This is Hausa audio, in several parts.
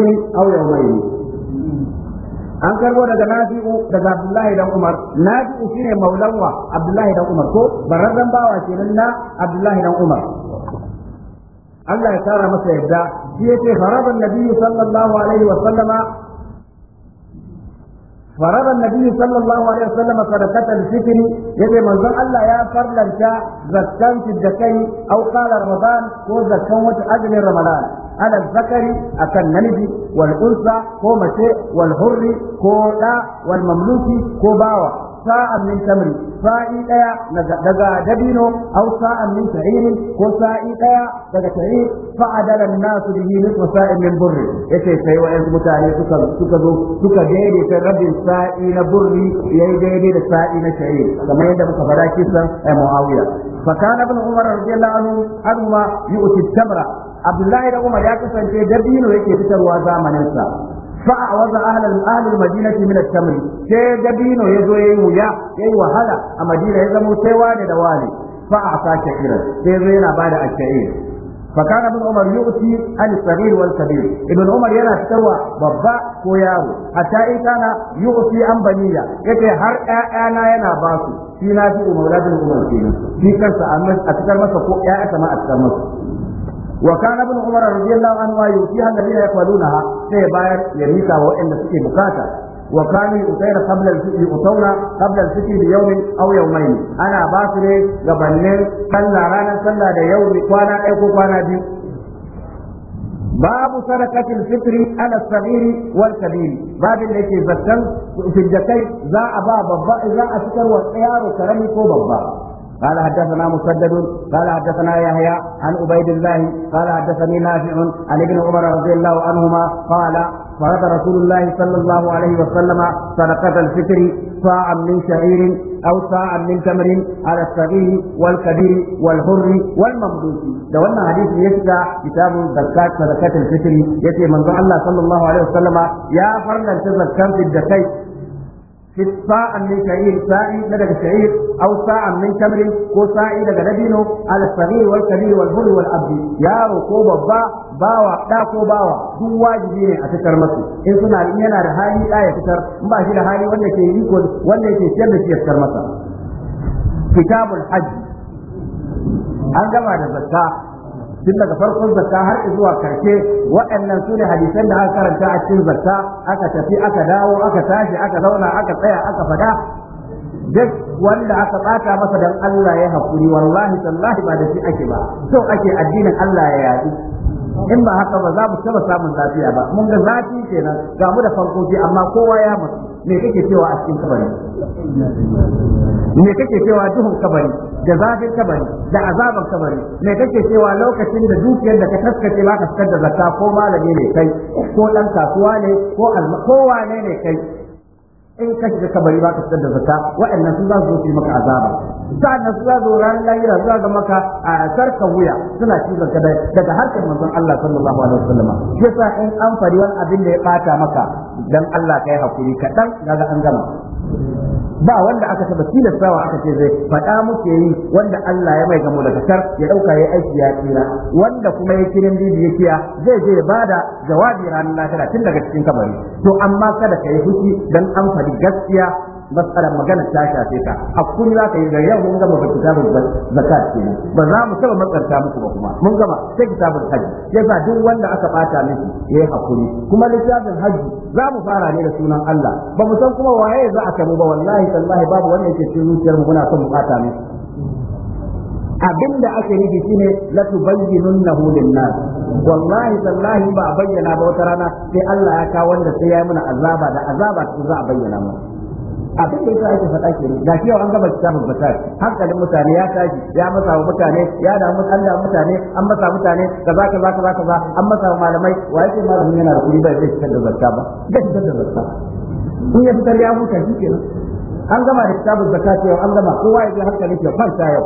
أو يومين an karbo daga nafi'u daga abdullahi dan umar nafi'u shine maulanwa abdullahi dan umar ko bararran bawa kenan na abdullahi dan umar Allah ya tara masa yadda shi yace faraba nabiyyu sallallahu alaihi wa sallama faraba nabiyyu sallallahu alaihi wa sallama sadaqatan fitr yace manzon Allah ya farlanta zakkan kai au qala ramadan ko zakkan wata ajrin ramadan ala zakari akan namiji wal unsa ko mace wal hurri ko da wal mamluki ko bawa sa'an min tamri sa'i ɗaya daga dabino aw sa'an min sa'ir ko sa'i ɗaya daga sa'ir fa adala an-nasu bihi nisfa sa'in min burri yace sai wa yanzu mutane suka suka zo suka daidaita rabin sa'i na burri yayi daidai da sa'i na sa'ir kamar da muka fara kisan Muawiya fa kana ibn Umar radiyallahu anhu anuma yu'ti tamra abdullahi da umar ya kasance dabino yake fitarwa zamanin sa fa a ahlal ahlul madinati min at-tamr sai dabino yazo yayi wuya yayi wahala a madina ya zama sai wani da wani fa sake shakiran sai yazo yana bada ashair فكان ابن عمر يؤتي الصغير والكبير ibn umar yana fitarwa babba ko yaro hatta in kana yu'ti an baniya yace har ƴaƴana yana ba su shi na fi umar da umar kenan shi kansa a cikin masa ko ƴaƴa sama a cikin masa وكان ابن عمر رضي الله عنه يؤتيها الذين يقبلونها سي باير يميكا وان سكي بكاتا وكانوا يؤتون قبل الفتح يؤتون قبل الفتح بيوم او يومين انا باسري غبنين صلى رانا صلى ده يوم كوانا ايكو كوانا بيو باب صدقة الفطر على الصغير والكبير باب اللي يتزكى في الجكي ذا أبا بابا إذا أشكر وخيار كرمي كو بابا قال حدثنا مسدد قال حدثنا يحيى عن عبيد الله قال حدثني نافع عن ابن عمر رضي الله عنهما قال فرد رسول الله صلى الله عليه وسلم صدقة الفطر صاعا من شعير أو صاعا من تمر على الصغير والكبير والحر والممدود لو ان حديث ya كتاب زكاه zakat الفكر fitr من الله صلى الله عليه وسلم يا فرد zakkan كم في kai ساعة من شعير ساعي لدى شعير أو ساعة من تمر وساعي لدى لبنه على الصغير والكبير والبر والأبد يا ركوب با باوا دا ko bawa duk wajibi ne a fitar masu in suna yana da hali ɗaya ya fitar in ba shi da hali wanda ke yi ko wanda ke ciyar da shi masa kitabul Hajji an gama da zakka tun daga farkon zakka har zuwa karshe waɗannan su ne hadisan da aka karanta a cikin zakka aka tafi aka dawo aka tashi aka zauna aka tsaya aka fada duk wanda aka bata masa dan Allah ya hakuri wallahi tallahi ba da shi ake ba so ake addinin Allah ya yadi in ba haka ba za mu taba samun lafiya ba mun ga zafi kenan ga mu da farkoki amma kowa ya mutu me kake cewa a cikin kabari me kake cewa duhun kabari da zafin kabari da azaban kabari me kake cewa lokacin da dukiyar da ka taskace ba ka fitar da zakka ko malami ne kai ko dan kasuwa ne ko kowa ne ne kai in ka shiga kabari ba ka fitar da zakka waɗannan sun za su zo su yi maka azaba sa'an su za zo ran lahira zuwa ga maka a sarka wuya suna cizon kada daga harkar manzon Allah sallallahu alaihi wasallam shi sa in an fari wani abin da ya bata maka dan Allah kai hakuri kadan daga an gama ba wanda aka taba tilastawa aka ce zai faɗa muke yi wanda Allah ya mai gamo da kasar ya dauka ya aiki ya tsira wanda kuma ya kirin bibi ya kiya zai je ya bada jawabi ranar lahira tun daga cikin kabari to amma kada ka yi fushi dan an faɗi gaskiya mas'ala magana ta shafe ka hakuri za ka yi da yau mun gama kitabul zakat kenan ba za mu taba matsarta muku ba kuma mun gama sai kitabun hajji yasa duk wanda aka bata miki yayi hakuri kuma littafin hajji za mu fara ne da sunan Allah ba mu san kuma waye za a kamu ba wallahi tallahi babu wanda yake cikin zuciyar mu muna son mu bata miki abinda ake nufi shine la tubayyinunnahu lin-nas wallahi tallahi ba a bayyana ba wata rana sai Allah ya kawo wanda sai ya yi mana azaba da azaba za a bayyana mana abin da yasa ake faɗa ke da yau an gaba kitabun batar hankalin mutane ya tashi ya masa wa mutane ya damu an damu mutane an masa mutane kaza kaza kaza kaza an masa wa malamai wa yake malamin yana da kuɗi ba zai fitar da zakka ba zai fitar da zakka in ya fitar ya huta shi kenan an gama da kitabun zakat yau an gama kowa ya ji hankalin ya kwanta yau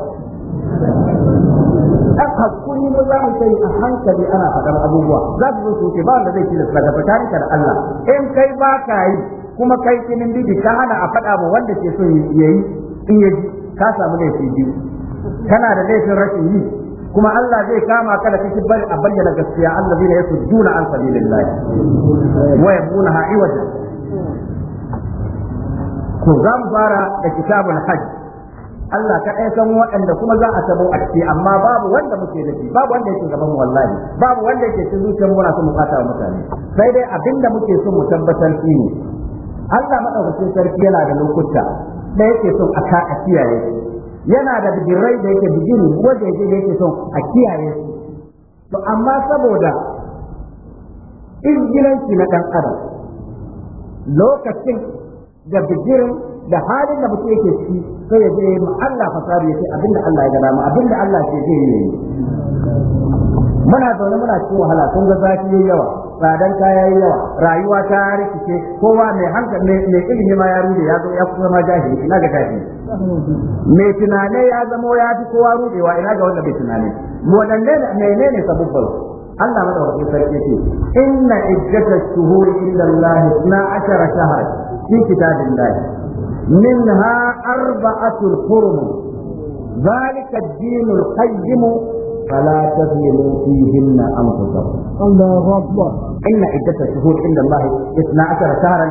dan hakuri mu za mu kai a hankali ana faɗar abubuwa za su zo su ke ba wanda zai ci da sadaka da Allah in kai ba ka yi kuma kai kinin bibi ka hana a faɗa ma wanda ke so yayi in ya ji ka samu laifi biyu kana da laifin rashin yi kuma Allah zai kama ka da bari a bayyana gaskiya Allah zai yi sujuna an sabilillah wa yabuna ha'iwaja Ko za mu fara da kitabul hajj Allah ka ɗaya san waɗanda kuma za a tabo a ciki amma babu wanda muke da shi babu wanda yake gaban wallahi babu wanda yake cin zuciyar muna so mu fata wa mutane sai dai abinda muke so mu tabbatar shi ne Allah madaukakin sarki yana da lokuta da yake son a ka a kiyaye yana da bigirai da yake bigiri wanda yake da yake son a kiyaye to amma saboda izgilanci na ɗan adam lokacin da bigirin da halin da mutum yake ciki sai ya je ma Allah fasari ya ce abinda Allah ya gana abinda Allah ke zai yi muna zaune muna cikin wahala kun ga zafi yayi yawa tsadan kaya yayi yawa rayuwa ta rikice kowa mai hankali mai ilimi ma ya rude ya zo ya kuma ma jahili ina ga jahili mai tunane ya zama ya fi kowa rudewa ina ga wanda bai tunane mu ne menene sabubban Allah wani sarki ce inna ash shuhuri illa Allah na ashara shahar fi kitabin lahi minha arba'atul hurum ad-din al-qayyim فلا تظلموا فيهن انفسكم. الله اكبر. ان عدة الشهور عند الله اثنا عشر شهرا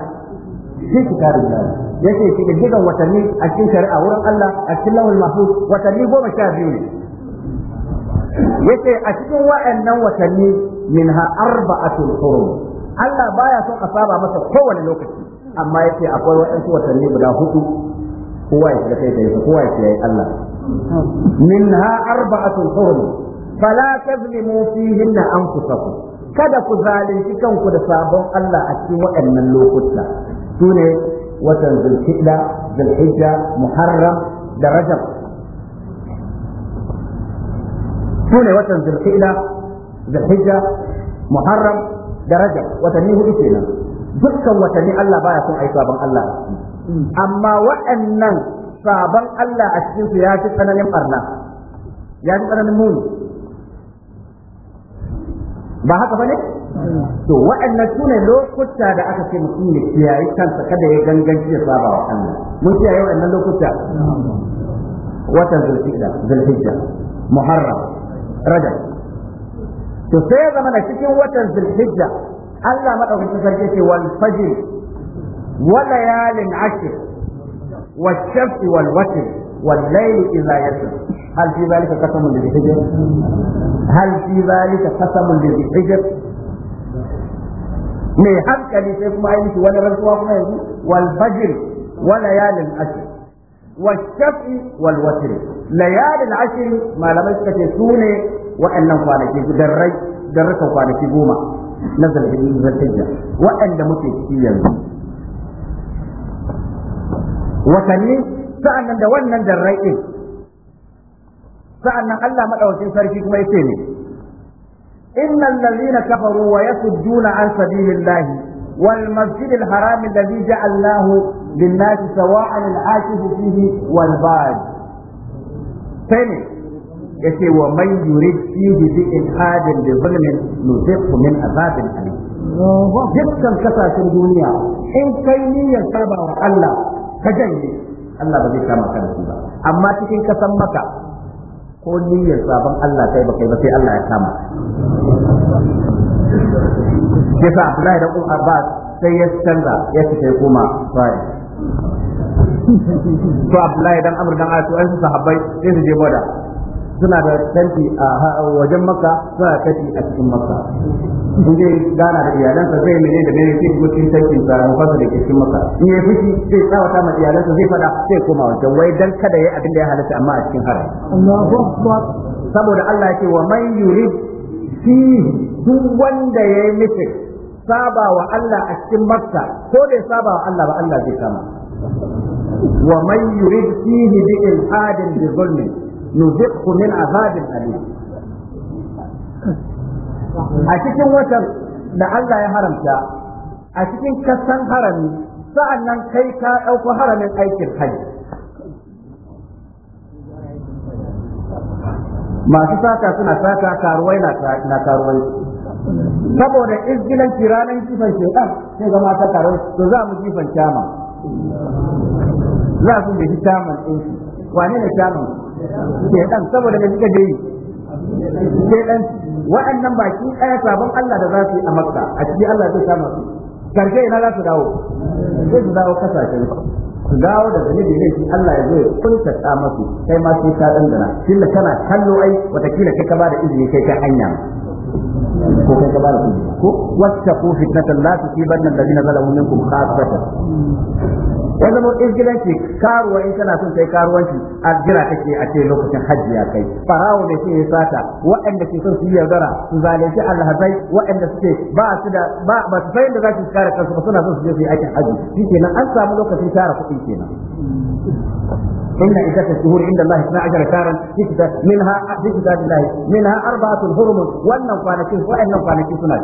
في كتاب الله. yake cikin dukan watanni a cikin shari'a wurin Allah a cikin lawul mahfuz watanni goma sha biyu ne yace a cikin wa'annan watanni minha arba'atul hurum Allah baya son a saba masa kowane lokaci amma yace akwai wa'ansu watanni guda hudu kowa ya shiga kai da kowa ya yi Allah منها أربعة حرم فلا تظلموا فيهن أنفسكم kada ku zalunci kanku da sabon Allah a cikin waɗannan lokuta su ne watan zulhijja zulhijja muharram da rajab su ne watan zulhijja zulhijja muharram da rajab watanni hudu kenan dukkan watanni Allah baya son ai sabon Allah amma waɗannan saban Allah a cikin su ya fi tsananin barna ya fi tsananin muni ba haka bane to waɗannan su ne lokuta da aka ce mutum ya kiyaye kansa kada ya ganganci ya saba wa Allah mun kiyaye waɗannan lokuta watan zulhijja zulhijja muharram rajab to sai ya zama da cikin watan zulhijja Allah madaukakin sarki ce wal fajr wa layalin ashr والشمس والوتر والليل إذا يسر هل في ذلك قسم لذي حجر؟ هل في ذلك قسم لذي حجر؟ من حمك لسيف معينك ولا رسوة معينك والفجر وليالي العشر والشفع والوتر ليالي العشر ما لم يستكسون وأنه فالك دري درسه فالك قومة نزل في الهجر وأن متكسي يزيد watanni sa'annan da wannan darrai din sa'annan Allah madaukakin sarki kuma yace ne innal ladzina kafaru wa ya yasudduna an lahi, wal masjidil da zai ja'alnahu lin-nasi sawa'an al-'akif fihi wal bad sai ne yace wa man yurid fihi bi ilhadin bi zulmin nuziqhu min azabin alim dukkan kasashen duniya in kai niyyar saba Allah ka janye Allah ba zai kama ka da shi ba amma cikin kasan maka ko niyyar sabon Allah kai ba kai ba sai Allah ya kama sa Abdullahi da Umar ba sai ya canza ya fita kuma sai to Abdullahi dan Amr dan Asu ai sahabbai sai su je boda. suna da tanti a wajen maka suna da a cikin maka zai gana da iyalansa zai mene da mene sai gutsin tankin sa fasa da ke cikin maka. in yayi fushi zai tsawata ma iyalansa zai fada sai koma wancan wai dan kada yayi abin da ya halatta amma a cikin haram Allahu akbar saboda Allah yake wa man yurid fi duk wanda yayi nufi saba wa Allah a cikin makka ko da saba wa Allah ba Allah zai kama wa man yurid fihi bi ilhadin bi zulmi nuziqhu min azabin alim a cikin watan da Allah ya haramta a cikin kasan harami sa'an nan kai ka ɗauko haramin aikin hajji masu sata suna sata karuwai na karuwai saboda izginan kiranin kifan shekar sai zama ta karuwai to za mu kifan kyama za su bi kyaman ɗinsu wane ne kyaman ke ɗan saboda da suka je yi ke ɗan waɗannan baki ɗaya sabon Allah da za su yi a Makka a ciki Allah zai kama su karshe ina za su dawo sai su dawo kasashen su dawo da zunubi ne shi Allah ya zo ya kunta ta masu kai ma sai ka tana tunda kana kallo ai watakila kai ka ba da izini kai ta hanya ko kai ka bada kuɗi ko wattaqu fitnatan la tusibanna alladhina zalamu minkum khassatan ya zama izgilanci karuwa in kana son kai karuwanci a jira take a ce lokacin hajji ya kai farawo da ke sata waɗanda ke son su yi yaudara su zalunci alhazai waɗanda suke ba su da ba ba su da za su kare kansu ba suna son su je su yi aikin hajji shi kenan an samu lokacin tara kuɗi kenan إن عدة الشهور عند الله 12 شهرا في كتاب منها في كتاب الله منها أربعة حرم وأن فانكين وأن فانكين سنة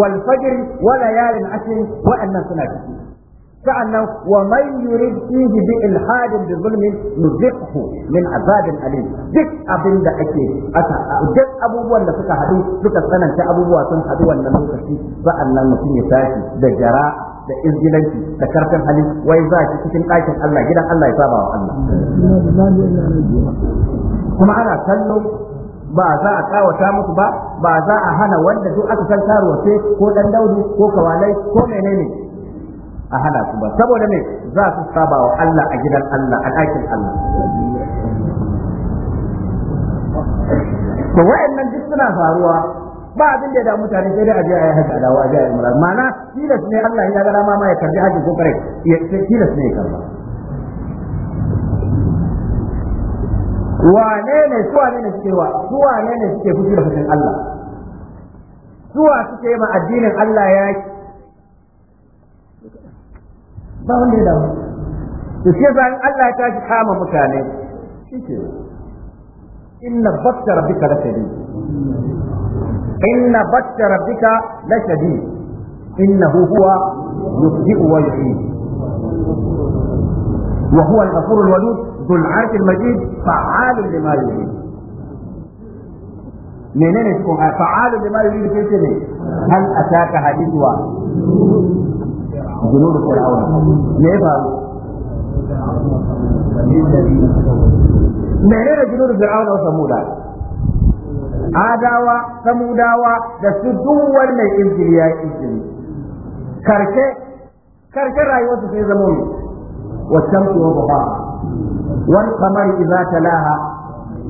والفجر وليال عشر وأن سنة كأنه ومن يريد فيه بإلحاد بظلم نذقه من عذاب أليم دك أبن دا أكي أتا دك أبو ولا سكا حدو سكا سنة أبو واتن حدو ولا سكا فأنا نسيني تاشي دا جراء da izgilanci da karfin hali wai za ki cikin ɗakin Allah gidan Allah ya saba wa Allah kuma ana kallo ba za a kawata musu ba ba za a hana wanda duk aka san tarwace ko dan daudi ko kawalai ko menene a hana su ba saboda me za su saba wa Allah a gidan Allah a ɗakin Allah to wa'annan duk suna faruwa ba abin da ya damu mutane sai dai a je a haka da wa a imran ma'ana tilas ne Allah ya ga dama ma ya karbi hajji ko kare ya tilas ne ya ba wane ne su wane ne suke wa su wane ne suke fushi da fushin Allah suwa suke ma addinin Allah ya ba wanda ya damu to sai bayan Allah ya tashi kama mutane shi ke inna bakta rabbika lakadi إن بطش ربك لشديد إنه هو يبدئ ويعيد وهو الغفور الودود ذو العرش المجيد فعال لما يريد منين تكون فعال لما يريد في الجنة هل أتاك حديث واحد جنود فرعون ليه فعلوا منين جنود فرعون وثمود adawa samudawa da su duk wannan injili ya injili karshe karshe rayuwarsu sai zama ne wasan wa buha wal qamari idza talaha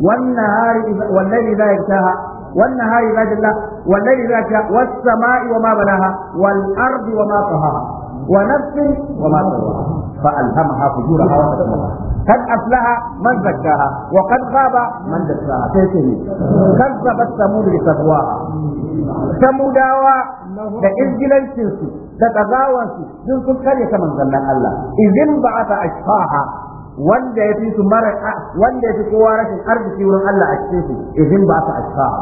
wan nahari wal layli idza yaktaha wan nahari idza jalla wal layli idza yaktaha was wa ma banaha wal ardi wa ma tahaha wa nafsin wa ma sawaha fa alhamaha fujuraha wa taqwaha قد أفلح من زكاها وقد خاب من دساها كذبت ثمود بتقواها ثموداوا da izgilancinsu da ƙazawansu sun karya ta manzannin Allah izin ba a wanda ya fi su mara wanda ya fi kowa rashin arziki wurin Allah a cikin su izin ba a ta ashfaha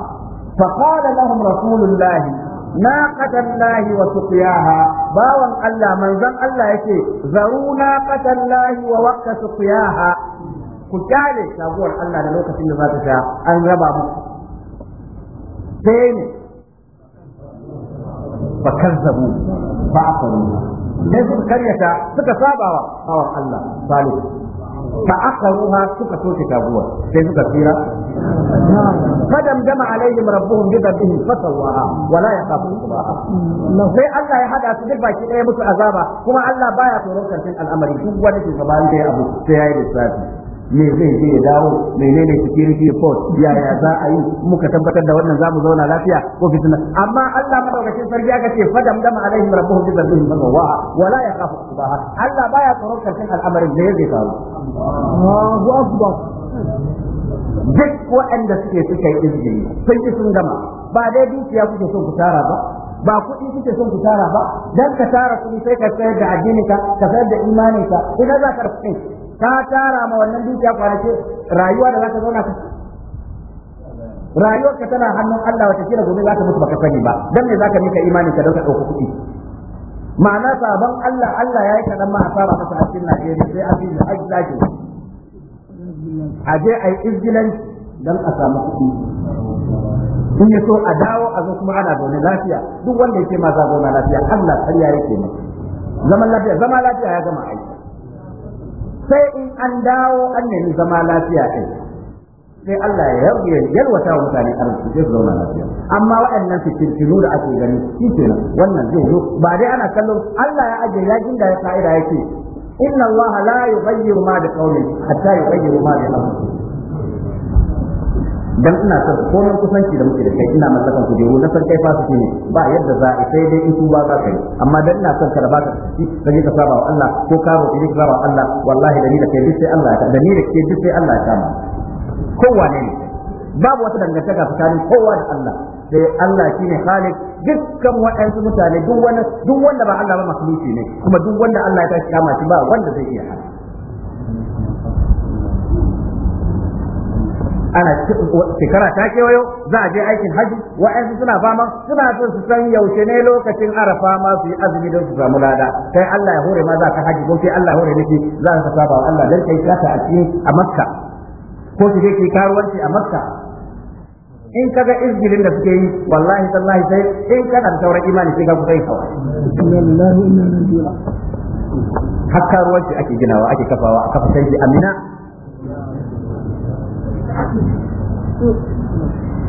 fa qala lahum rasulullahi na ƙasar lahi wa su bawan Allah manzan Allah ya yake zaru na ƙasar lahi wa wakka su kuyaha ku kyale sabuwar Allah da lokacin da za ta sha an raba muku sai ne bakar ba a faru sai suka karyata suka saba wa bawan Allah salihu fa akaruha suka soke taguwa sai suka tsira fadam dama alaihim rabbuhum bi dhanbihim fasawaha wa la yaqafu subaha sai Allah ya hada su duk baki ɗaya musu azaba kuma Allah baya tsoron karshen al'amari duk wani shugaba da ya abu sai yi lissafi me zai je ya dawo menene security report yaya za a yi muka tabbatar da wannan zamu zauna lafiya ko fitina amma Allah madaukakin sarki aka ce fadam dama alaihim rabbuhum bi dhanbihim fa wa wala yakhafu subaha Allah baya tsoron karshen al'amarin da zai faru Allahu akbar duk waɗanda suke suka yi izini sun ki sun gama ba dai dukiya kuke son ku tara ba ba kuɗi kuke son ku tara ba dan ka tara kuɗi sai ka sayar da addininka ka sayar da imaninka idan za ka rufe ka tara ma wannan dukiya ce, rayuwa da za ka zauna rayuwar ka tana hannun Allah wata kira gobe za ka mutu baka sani ba dan me za ka mika imani ka dauka dauka kuɗi ma'ana sabon Allah Allah ya yi kaɗan ma a fara masa a cikin Najeriya sai a fi da ajiyaki a je a yi izgilanci don a samu kuɗi in ya so a dawo a zo kuma ana zaune lafiya duk wanda yake ma za zauna lafiya Allah karya yake ne zaman lafiya zama lafiya ya gama aiki sai in an dawo an nemi zama lafiya ɗai sai Allah ya yarda yalwata wa mutane arziki zai zauna lafiya amma waɗannan fitintinu da ake gani shi kenan wannan zai zo ba dai ana kallon Allah ya ajiye ya da ya kaida yake inna Allah la yughayyiru ma bi qaumin hatta yughayyiru ma bi anfusihim dan ina son kusan kusanci da muke da kai ina mallakan kujeru na san kai fa fasiki ne ba yadda za a sai dai in ba za ka yi amma dan ina son ka da baka ka je ka saba wa Allah ko ka roƙi ka saba wa Allah wallahi da ni da kai duk sai Allah ya da ni da kai duk sai Allah ya kama wane ne babu wata dangantaka tsakanin kowa da Allah sai Allah shine Khaliq dukkan wa'ansu mutane duk wanda ba Allah ba makhluki ne kuma duk wanda Allah ya tashi kama shi ba wanda zai iya hana ana shekara ta kewayo za a je aikin haji wa'ansu suna fama suna son su san yaushe ne lokacin arafa ma su yi azumi don su samu lada kai Allah ya hore ma za ka haji ko sai Allah ya hore miki za ka saba wa Allah dan kai ka a cikin a Makka ko ki je ki karuwanci a Makka in kaga izgirin da suke yi wallahi tallahi sai in kana da sauran imani sai ka kusa kawai wallahi inna lillahi har karuwanci ake ginawa ake kafawa a kafa sai amina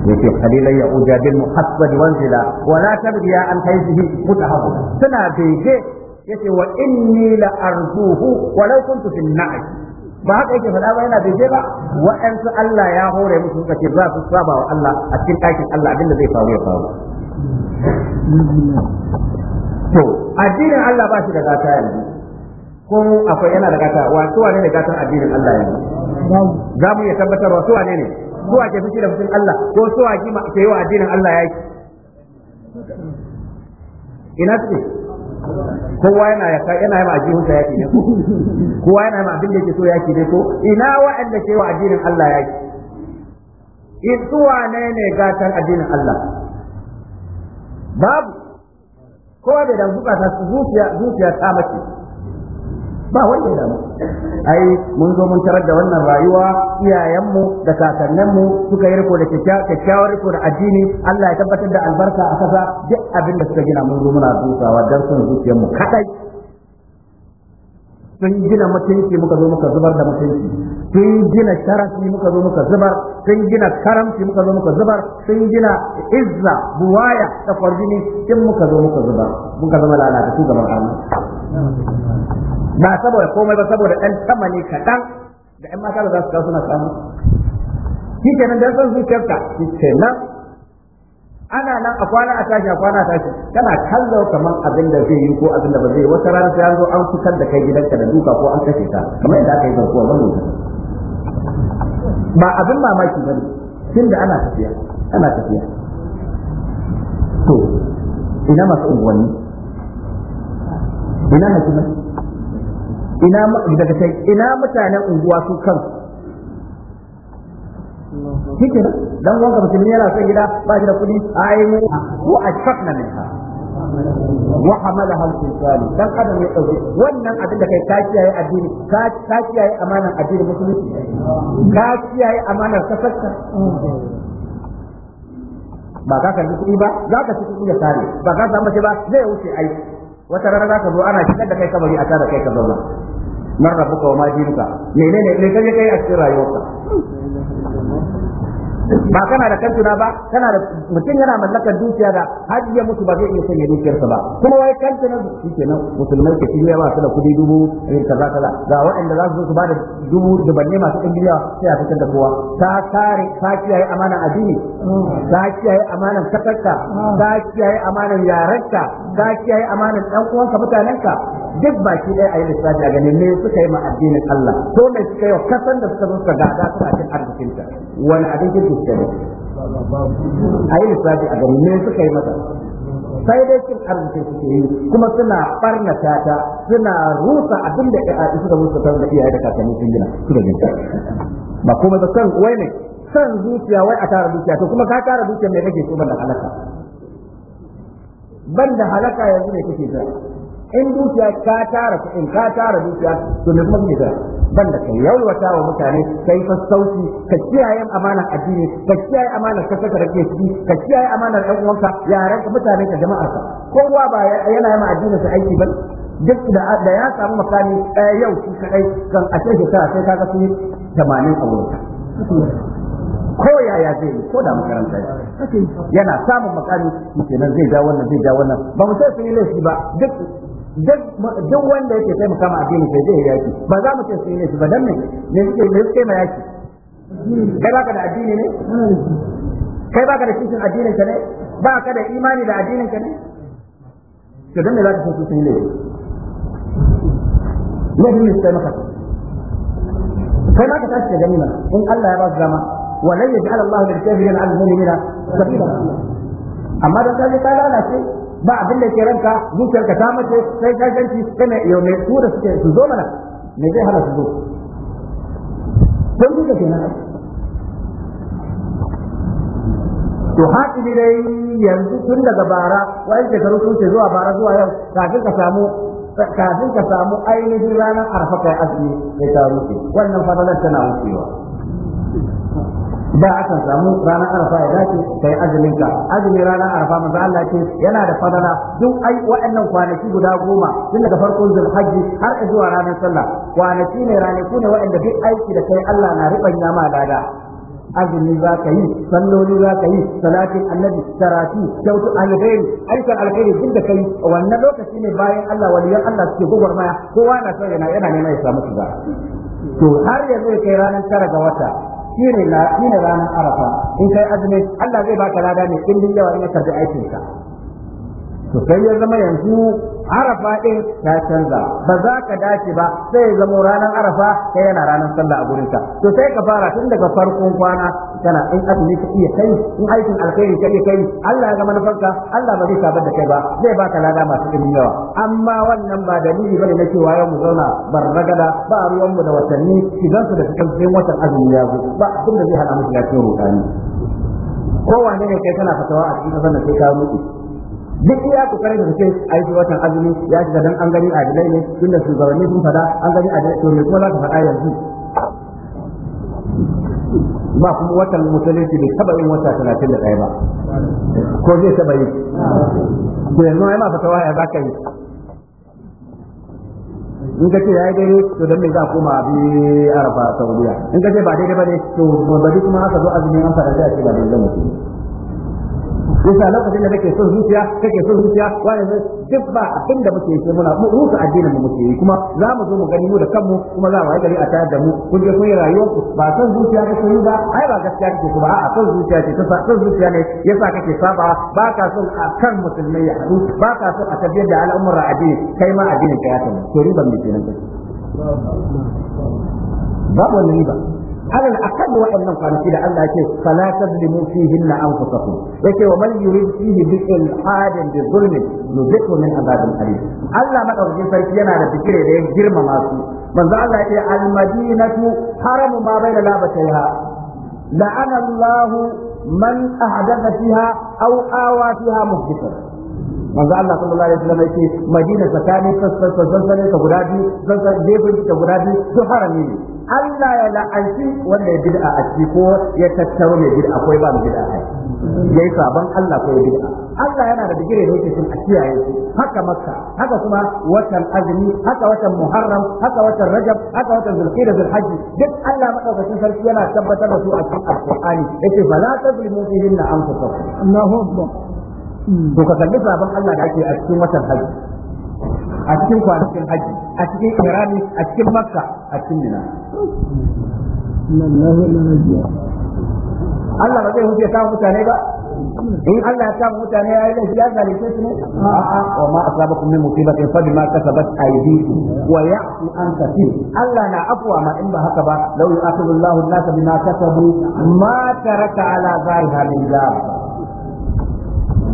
yake kalilai ya uja bil muhassab wanzila wa la tabghiya an hayzihi mutahabbu suna bege yace wa inni la arjuhu wa law kuntu fil na'i ba haka yake faɗa ba yana bege ba wa'ansu Allah ya hore musu suka ce za su saba wa Allah a cikin ɗakin Allah abinda zai faru ya faru to addinin Allah ba shi da gata yanzu ko akwai yana da gata wato wane ne gatan addinin Allah yanzu za mu iya tabbatarwa su wane ne suwa ake fushi da fushin Allah ko su ake ke yi wa addinin Allah ya yi ina ce kowa yana ya yana yi ma ajihunsa yaki ne kowa yana yi ma abin da yake so yaki ne ko ina wa'anda ke wa addinin Allah yaki in suwa ne ne gatan addinin Allah babu kowa da dan zuciya zuciya ta mace ba wanda ya damu ai mun zo mun tarar da wannan rayuwa iyayenmu da kakanninmu suka yi riko da kyakkyawar riko da addini Allah ya tabbatar da albarka a kasa duk abin da suka gina mun zo muna dusawa dan son zuciyarmu kadai sun gina mutunci muka zo muka zubar da mutunci sun gina sharafi muka zo muka zubar sun gina karamci muka zo muka zubar sun gina izza buwaya da kwarjini sun muka zo muka zubar muka zama lalata su gaban Allah ba saboda komai ba saboda dan tamani kaɗan da ƴan mata da za su kawo suna samu shi kenan dan son zuciyarka shi nan ana nan a kwana a tashi a kwana a tashi kana kallo kamar abin da zai yi ko abin da ba zai yi wata rana sai an zo an fitar da kai gidanka da duka ko an kashe ka kamar yadda aka yi zarkuwa wannan ba abin mamaki ba ne, tun da ana tafiya ana tafiya to ina masu unguwanni ina hakimai ina can ina mutanen unguwa su kan kike dan wanka musulmi yana son gida ba shi da kuɗi ai mu wa ashfaqna minha wa hamala al-insan dan adam ya dauke wannan abin da kai ka kiyaye addini ka kiyaye amanar addini musulunci ka kiyaye amanar kasarka ba ka karbi kuɗi ba za ka ci kudi ya kare ba ka samu ba zai wuce aiki wata rana za ka zo ana shigar da kai kabari a da kai ka zauna man rabbuka wa ma dinuka menene ne kaje kai a cikin rayuwarka ba kana da kantuna ba kana da mutum yana mallakar dukiya da har ya mutu ba zai iya sanya dukiyarsa ba kuma wai kantuna su ke kenan musulmai ke tiliya ba su da kudi dubu eh, kaza kaza ga waɗanda za su su ba da dubu dubanni masu ɗan miliyawa sai a fitar da kowa ta kare ta kiyaye amanan addini ta kiyaye amanan takarta. ta kiyaye amanan yarenka ta kiyaye amanan ɗan uwanka mutanenka duk baki ɗaya a yi lissafi a ganin me suka yi ma addinin Allah ko me suka yi wa kasan da suka zo suka gada suka cin arzikinta wani abin kirki mujtahid a yi lissafi a gani me suka yi mata sai dai cin arziki suke yi kuma suna barnata ta suna rusa abin da suka rusa ta da iyaye da kakanni sun gina suka gina ba kuma da san wai ne san zuciya wai a tara zuciya to kuma ka tara zuciya mai kake so ban da halaka ban da halaka yanzu ne kake ta in dukiya ka tara kuɗin ka tara dukiya to me kuma kike ban da kai yalwata wa mutane kai sassauci ka kiyaye amana addini ka kiyaye amana kasa ka rake ciki ka kiyaye amana ɗan uwanka yaran ka mutane ka jama'ar ka kowa ba yana yi addinin sa aiki ba duk da ya samu makami ɗaya eh, yau shi kaɗai kan a ce shekara sai kaga sun yi tamanin a wurin ko yaya zai yi ko da makaranta yana samun makami kenan zai ja wannan zai ja wannan ba mu sai sun yi laifi ba duk duk wanda yake sai mu kama addini sai zai yaki ba za mu ce su ne shi ba dan me ne suke ne suke ma yaki kai baka da addini ne kai baka da cikin addinin ka ne baka da imani da addinin ka ne to dan me za ka ce su sun ne ne ne sai maka kai ba ka tashi da ganima in Allah ya ba su dama walan yaj'al Allah lil kafirin 'ala al-mu'minina sabila amma dan kaje ka lalace ba abin da ke ranka zuciyarka ta mace sai sai kana yau ne su da suke su zo mana me zai hana su zo sun duka kenan to haɗi dai yanzu tun daga bara wa'in shekaru sun ce zuwa bara zuwa yau kafin ka samu kafin ka samu ainihin ranar arfa kai azumi sai ta wuce wannan fadalar tana wucewa a kan samu ranar arafa ya dace kai azumin ka azumin ranar arafa manzo Allah ce yana da fadala duk ai waɗannan kwanaki guda goma tun daga farkon zulhajji har zuwa ranar sallah kwanaki ne ranaku ne waɗanda duk aiki da kai Allah na ya ma dada azumi za ka yi salloli za ka yi salatin annabi karatu kyautu alheri aikin alheri duk da kai wannan lokaci ne bayan Allah waliyan Allah suke gwagwarmaya, kowa na son yana yana neman ya samu shiga to har yanzu kai ranar tara ga wata shine na shine ranar arafa in kai azumi Allah zai baka lada ne in din yawa in ka karbi aikin ka to sai ya zama yanzu arafa din ta canza ba za ka dace ba sai ya zama ranar arafa sai yana ranar sallah a gurin ka to sai ka fara tun daga farkon kwana kana in azumi ka iya kai in aikin alkhairi ka iya kai Allah ya ga manufarka Allah ba zai sabar da kai ba zai baka lada masu ɗimin yawa amma wannan ba dalili bane na cewa yau mu zauna barragada ba ruwan mu da watanni shigan su da cikin cikin watan azumi ya zo ba abin da zai hana mu shiga cikin rudani kowane ne kai kana fatawa a cikin kasar da sai ka mutu duk iya kare da kake a yi watan azumi ya shiga dan an gani adilai ne tunda shugabanni sun fada an gani adilai to me kuma za ka fada yanzu ba kuma watan musulunci bai taba yin wata talatin da ɗaya ba ko zai taba yi to yanzu ai ma fatawa ya zaka yi in ka ce ya yi daidai to don me za a koma bi arafa saudiya in ka ce ba daidai ba ne to ba duk kuma haka zo azumi an fara da shi ba daidai mutum yasa lokacin da kake son zuciya kake son zuciya wani duk ba abin da muke yi muna mu rusa addinin mu muke yi kuma za mu zo mu gani mu da kanmu kuma za mu yi gari a tare da mu kun je kun yi rayuwar ku ba son zuciya ka yi ba ai ba gaskiya kake ku ba a son zuciya ce ta son zuciya ne yasa kake saba ba ka son a kan musulmai ya haɗu ba ka son a tafiyar da al'amuran addini kai ma addinin ka ya tabbata to riba mai kenan ba babu wannan riba alal akal waɗannan kwanaki da Allah yake fala tadlimu fihinna anfusakum yake wa man yurid fihi bi ilhadin bi zulmin yudhiku min azabin alim Allah madaukakin sarki yana da fikire da ya girmama su manzo Allah yake al madinatu haramu ma baina labataiha la'ana Allah man ahdatha fiha aw awa fiha muhdithan manzo Allah sallallahu alaihi wasallam yake Madina tsakani sassan ka guda biyu sassan gefen ka guda biyu duk harami ne Allah ya la'anci wanda ya bid'a a ciki ko ya tattaro mai bid'a akwai ba mai bid'a a yayi saban Allah ko ya bid'a Allah yana da digire ne yake cin a kiyaye su haka Makka haka kuma watan azumi haka watan Muharram haka watan Rajab haka watan Zulqa'da Zulhajj duk Allah madaukakin sarki yana tabbatar da su a cikin Al-Qur'ani yace fala tazlimu fihinna anfusakum Allahu akbar to ka kalli sabon Allah da ake a cikin watan Haji, a cikin kwanakin Haji, a cikin irani a cikin makka a cikin mina Allah ba zai huce samun mutane ba in Allah ya samu mutane ya yi laifi ya zalice su ne a'a wa ma asabakum min musibatin fa bima kasabat aydikum wa ya'fu an kathir Allah na afwa ma in ba haka ba law yu'akhidhu Allahu an-nasa bima kasabu ma taraka ala zahiriha min dabba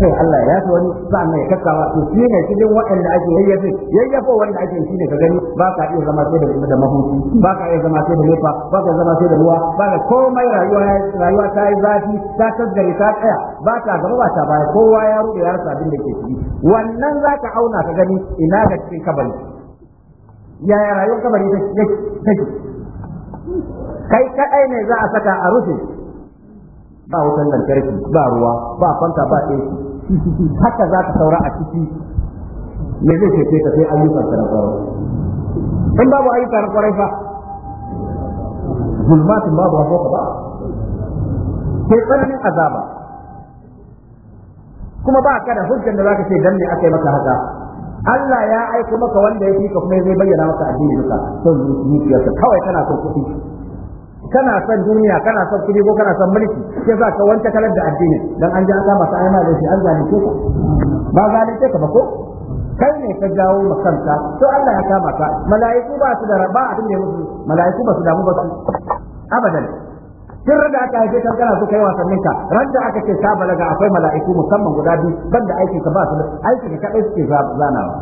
sai Allah ya fi wani sa'annan ya kakkawa to shi ne cikin waɗanda ake yayyafi yayyafo wanda ake shi ne ka gani ba ka iya zama sai da da mahuti ba ka iya zama sai da lefa ba ka zama sai da ruwa ba ka komai rayuwa rayuwa ta yi zafi ta tasgare ta tsaya ba ka gaba ba ta baya kowa ya ruɗe ya rasa abin da ke ciki wannan za ka auna ka gani ina ga cikin kabari yaya rayuwar kabari take kai kaɗai ne za a saka a rufe ba wutan lantarki ba ruwa ba kwanta ba AC ciki haka za ka saura a ciki me zai ce ka sai ayyukan ka na kwarai in babu ayyuka na kwarai fa zulmatin babu hako ka ba sai tsananin azaba kuma ba ka da hujjar da za ka ce dan ne aka yi maka haka Allah ya aiko maka wanda ya fi ka kuma zai bayyana maka addini duka son zuciyarsa kawai kana son kuɗi kana son duniya kana son kudi ko kana son mulki sai za ka wanke kalar da addini dan an ji an kama sai aima da shi an zalunce ka ba zalunce ka ba ko kai ne ka jawo makanta to Allah ya kama ka mala'iku ba su da raba abin da musu mala'iku ba su damu ba su abadan kin da aka haife kan kana so kai wasannin ka ran da aka ce ka balaga akwai mala'iku musamman guda biyu banda aikin ka ba su aikin ka kadai suke zanawa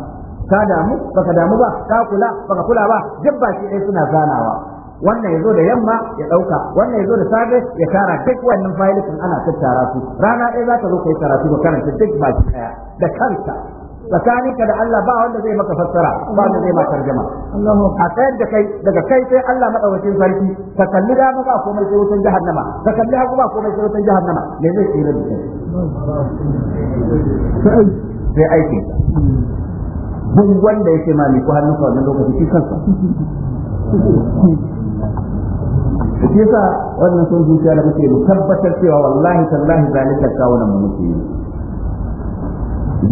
ka damu baka damu ba ka kula baka kula ba duk baki ɗaya suna zanawa wannan ya zo da yamma ya ɗauka wannan ya zo da safe ya tara duk wannan failikin ana tattara su rana ɗaya za ka zo kai karatu ka karanta duk baki daya da kanka tsakaninka da Allah ba wanda zai maka fassara ba wanda zai maka tarjama a tsayar da kai daga kai sai Allah madaukakin sarki ka kalli da ba komai sai wutan jahannama ka kalli hagu ba komai sai wutan jahannama me zai tsira da kai sai aiki duk wanda yake ma mai ko hannunsa wannan lokaci shi kansa shi yasa wannan sun zuciya da muke mu tabbatar cewa wallahi tallahi zalika kawunan mu muke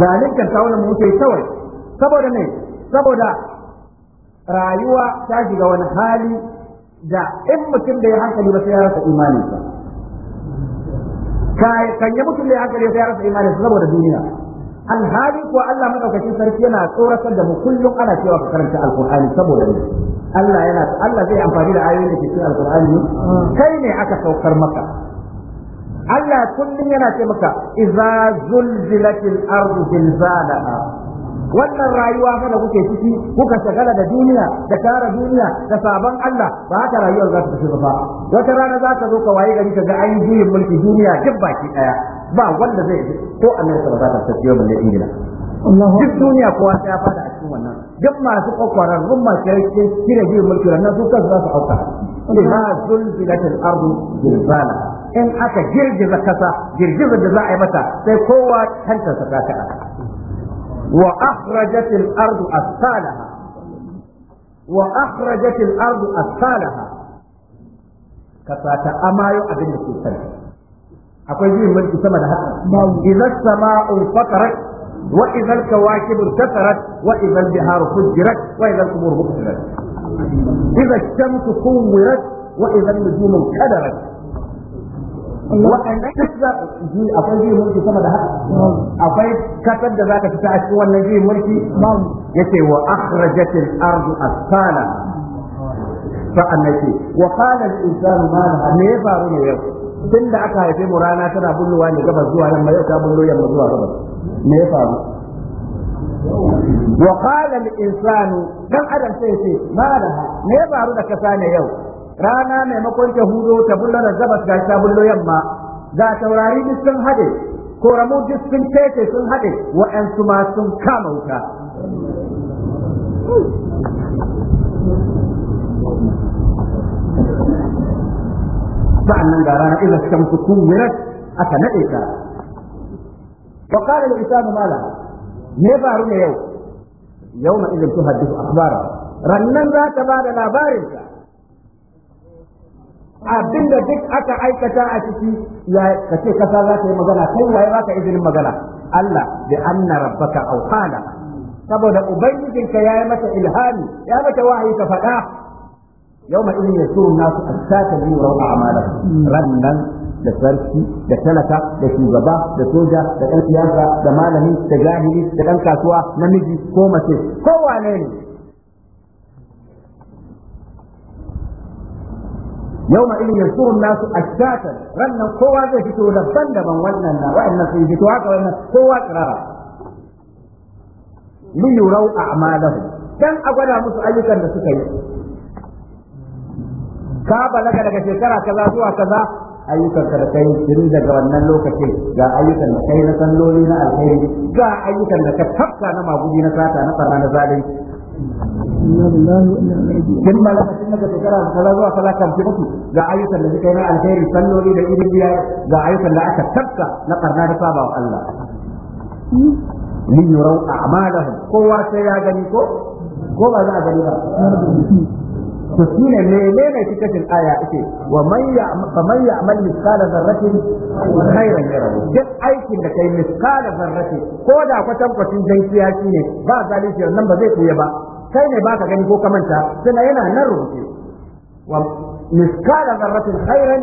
zalika kawunan mu muke kawai saboda ne saboda rayuwa ta shiga wani hali da in mutum da ya hankali ba sai ya rasa imaninsa kan yi mutum da ya hankali sai ya rasa imaninsa saboda duniya alhali ko Allah madaukakin sarki yana tsoratar da mu kullum ana cewa ka karanta alqur'ani saboda ne Allah yana Allah zai amfani da ayoyin da ke cikin alqur'ani kai ne aka saukar maka Allah kullum yana ce maka idza zulzilatil ardu zilzalaha wannan rayuwa fa da kuke ciki kuka shagala da duniya da tara duniya da sabon Allah ba haka rayuwar za ta tafi ba wata rana za ka zo ka waye gari ka ga an yi mulki duniya duk baki daya ba wanda zai yi ko annabi sallallahu alaihi wasallam balle ingila duk duniya kowa ta fada a cikin wannan duk masu kokwaran rum ma kai ke kira ji mulki nan su kansu za su auka zun zulzilatil ardu zilzala in aka girgiza kasa girgiza da za a yi mata sai kowa kanta ta kada wa akhrajatil ardu asalaha wa akhrajatil ardu asalaha kasa ta amayo abin da ke sani akwai juyin mulki sama da haka idza sama'u fatarat wa idza al-kawakibu intasarat wa idza al-biharu fujirat wa idza al-qubur bu'thirat idza ash-shamsu kuwirat wa idza an-nujumu kadarat waɗanda kisa ji akwai ji mulki sama da haka akwai kasar da zaka fita a cikin wannan ji mulki yace wa akhrajatil ardu asfala fa annati wa qala al-insanu ma laha me faru ne yau tun da aka haife mu rana tana bullowa ne gabas zuwa nan mai ta bullo yamma zuwa gabas me ya faru wa qala al-insanu dan adam sai ce malaha me ya faru da kasa ne yau rana maimakon ta hudo ta bullo da gabas ga ta bullo yamma ga taurari duk sun hade koramu duk sun tete sun hade an ma sun kama wuta sa'annan ga rana idan shamsu kuwirat aka nade ta wa qala al-insanu ma laha me faru ne yau yawma idan tuhaddisu akhbara rannan za ta da labarin ta abinda duk aka aikata a ciki ya kace kasa za ta yi magana kai waye za ka izinin magana Allah bi anna rabbaka aw qala saboda ya yi mata ilhami ya mata wahayi ka faɗa يوم إذن يسور الناس أساسا ليروا أعماله رنا لسرسي لسلكة لشيغبا لسوجة لألتيانة لماله تجاهلي لألكا سوا نمجي قومته قوة ليلي يوم إذن يسور الناس أساسا رنا قوة ذي فتو لبسند من وننا وإن في فتوات وإن قوة رارا ليروا أعمالهم كان أقول لهم أيضا لسكيه ka balaga daga shekara kaza zuwa kaza ayyukan ka da kai tun daga wannan lokacin ga ayyukan da kai na salloli na alheri ga ayyukan da ka tafka na magudi na sata na farna na zalunci kin balaga tun daga shekara kaza zuwa kaza kan ki mutu ga ayyukan da kai na alheri salloli da irin biya ga ayyukan da aka tafka na farna da saba wa Allah liyurau a'malahum kowa sai ya gani ko ko ba za a gani ba to shine menene cikin aya ake wa man ya'mal ya'mal misqala khairan yarahu duk aikin da kai misqala dharratin ko da kwatan kwatin dankiya ne ba zalunci nan ba zai kuya ba kai ne baka gani ko ka manta tana yana nan rubuce wa hairan?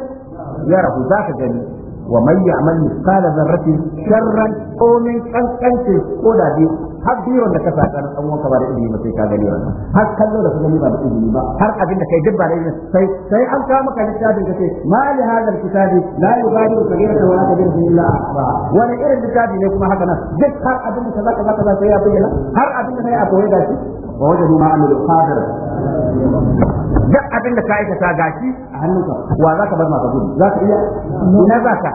Ya khairan za ka gani ومن يعمل مثقال ذرة شرا أو من كان كان كودا دي har biron da ka sa kana dan wanka ba da izini ba ka gani wannan har kallo da kuma ba da izini ba har abin kai duk ba da izini sai sai an kawo maka littafin ka ce ma li hada alkitabi la yubadiru saghiratan wa la kabiratan illa ahsa wani irin littafi ne kuma haka duk har ya bayyana har abin a koyi da wa wajadu ma amilu qadira duk abin da ka aikata gashi a hannunka wa zaka bar ma ka gudu zaka iya ina zaka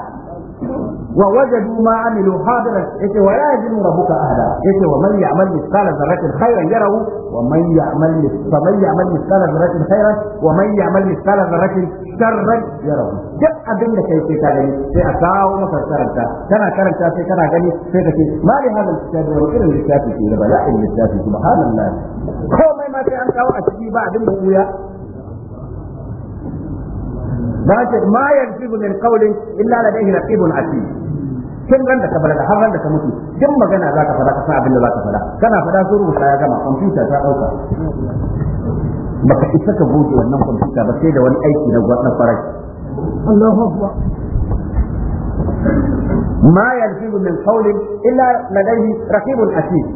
ووجدوا ما عملوا حاضرا إيه ولا يجدوا ربك أهلا إيه ومن يعمل مثقال ذرة خيرا يره ومن يعمل فمن يعمل مثقال ذرة خيرا ومن يعمل مثقال ذرة شرا يره جاء أدنى كي تتعلم في أساو مفسرتا كما كانت في كما قال في كتير ما لهذا الكتاب وإلى الكتاب في لبلاء الكتاب سبحان الله هو ما ما في أنت وأتجي بعد المبويا ما يجب من قول إلا لديه رقيب عتيد tun ran da ka balaga har ran da ka mutu duk magana za ka faɗa ka san abin da za ka faɗa kana faɗa sun rubuta ya gama kwamfuta ta ɗauka baka isa ka goge wannan kwamfuta ba sai da wani aiki na na farai Allahu Akbar ما يلفظ من قول إلا لديه رقيب حسيب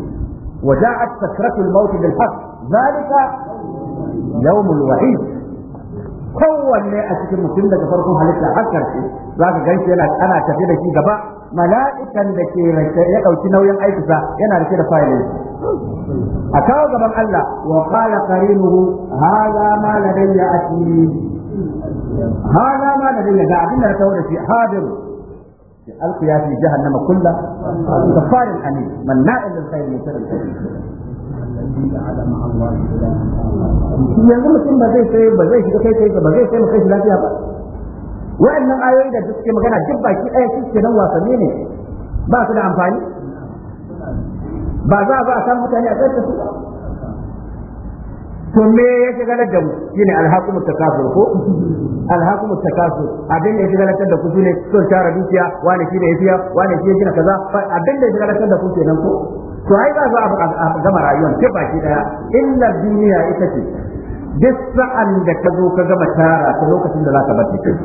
وجاءت سكرة الموت بالحق ذلك يوم الوعيد kowanne a cikin mutum daga farkon halitta har karshe za ka gan shi yana ana tafi da shi gaba mala'ikan da ke ya ɗauki nauyin aikinsa yana rike da fayilin a kawo gaban Allah wa qala qarinuhu hadha ma ladayya atid hadha ma ladayya ga abin da ta wuce shi hadir alqiya fi jahannama kullu kafarin amin manna'il lil khair mutarrif yanzu mutum ba zai sai ba zai shiga kai kai ba zai sai mu kai shi lafiya ba wa'annan ayoyi da suke magana duk baki ɗaya su ke nan wasanni ne ba su da amfani ba za a ba a san mutane a tsarkake su to me ya shigalar da mu shine alhaqumu takasur ko alhaqumu takasur abin da ya shigalar da ku shine son tara dukiya wani shi da yafiya wani shi gina kaza abin da ya shigalar da ku kenan ko to ai ba za a gama rayuwa ke baki daya illa duniya ita ce duk sa'an da ka zo ka gama tara ta lokacin da za ka bar kai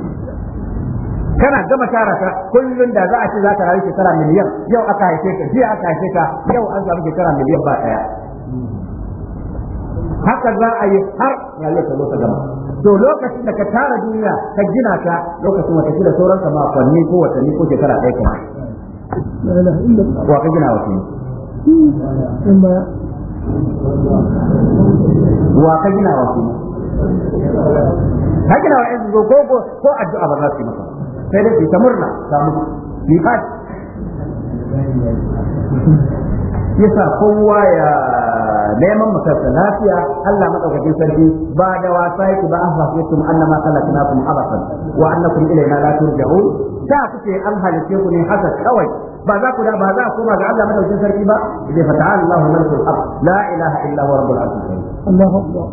kana gama tara ta kullun da za a ce za ta rayu shekara miliyan yau aka haife ka jiya aka haife ka yau an samu shekara miliyan ba daya haka za a yi har rayuwar ta zo ta gama to lokacin da ka tara duniya ka gina ta lokacin wata da sauran ka makonni ko watanni ko shekara ɗaya kuma wa ka gina wa wa ka gina wa ka gina wa ko ko addu'a ba za su yi maka sai dai ta murna ta mutu miqat yasa kowa ya neman mutarsa lafiya Allah madaukakin sarki ba da wasa yake ba an fafiyatum annama khalaqnakum abasan wa annakum ilayna la turja'un da kuke an halice ku ne haka kawai ba za ku da ba za ku ba ga Allah madaukakin sarki ba idai fa ta'ala Allahu malikul haq la ilaha illa huwa rabbul arshil karim Allahu akbar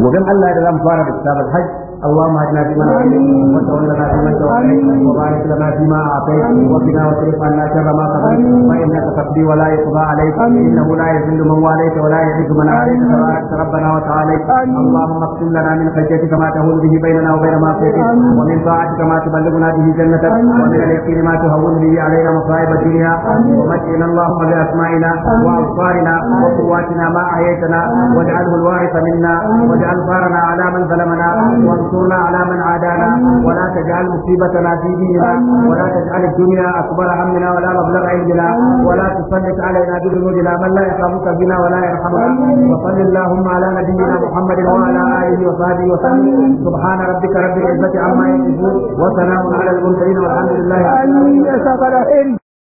gobe Allah da zan fara da kitabul hajj اللهم اجعلنا فيمن هديت وتولنا فيمن توليت وبارك لنا فيما اعطيت وقنا واصرف عنا شر ما قضيت فانك تقضي ولا يقضى عليك انه لا يذل من واليت ولا يعز من عليك تبارك ربنا وتعالى اللهم اقسم لنا من خشيتك ما تهون به بيننا وبين معصيتك ومن طاعتك ما تبلغنا به جنتك ومن اليقين ما تهون به علينا مصائب الدنيا ومتعنا اللهم باسمائنا وابصارنا وقواتنا ما احييتنا واجعله الوارث منا واجعل ثارنا على من ظلمنا وانصرنا على من عادانا ولا تجعل مصيبتنا في ديننا ولا تجعل الدنيا أكبر همنا ولا مبلغ عندنا ولا تسلط علينا بذنوبنا من لا يخافك بنا ولا يرحمنا وصل اللهم على نبينا محمد وعلى آله وصحبه وسلم سبحان ربك رب العزة عما يصفون وسلام على المرسلين والحمد لله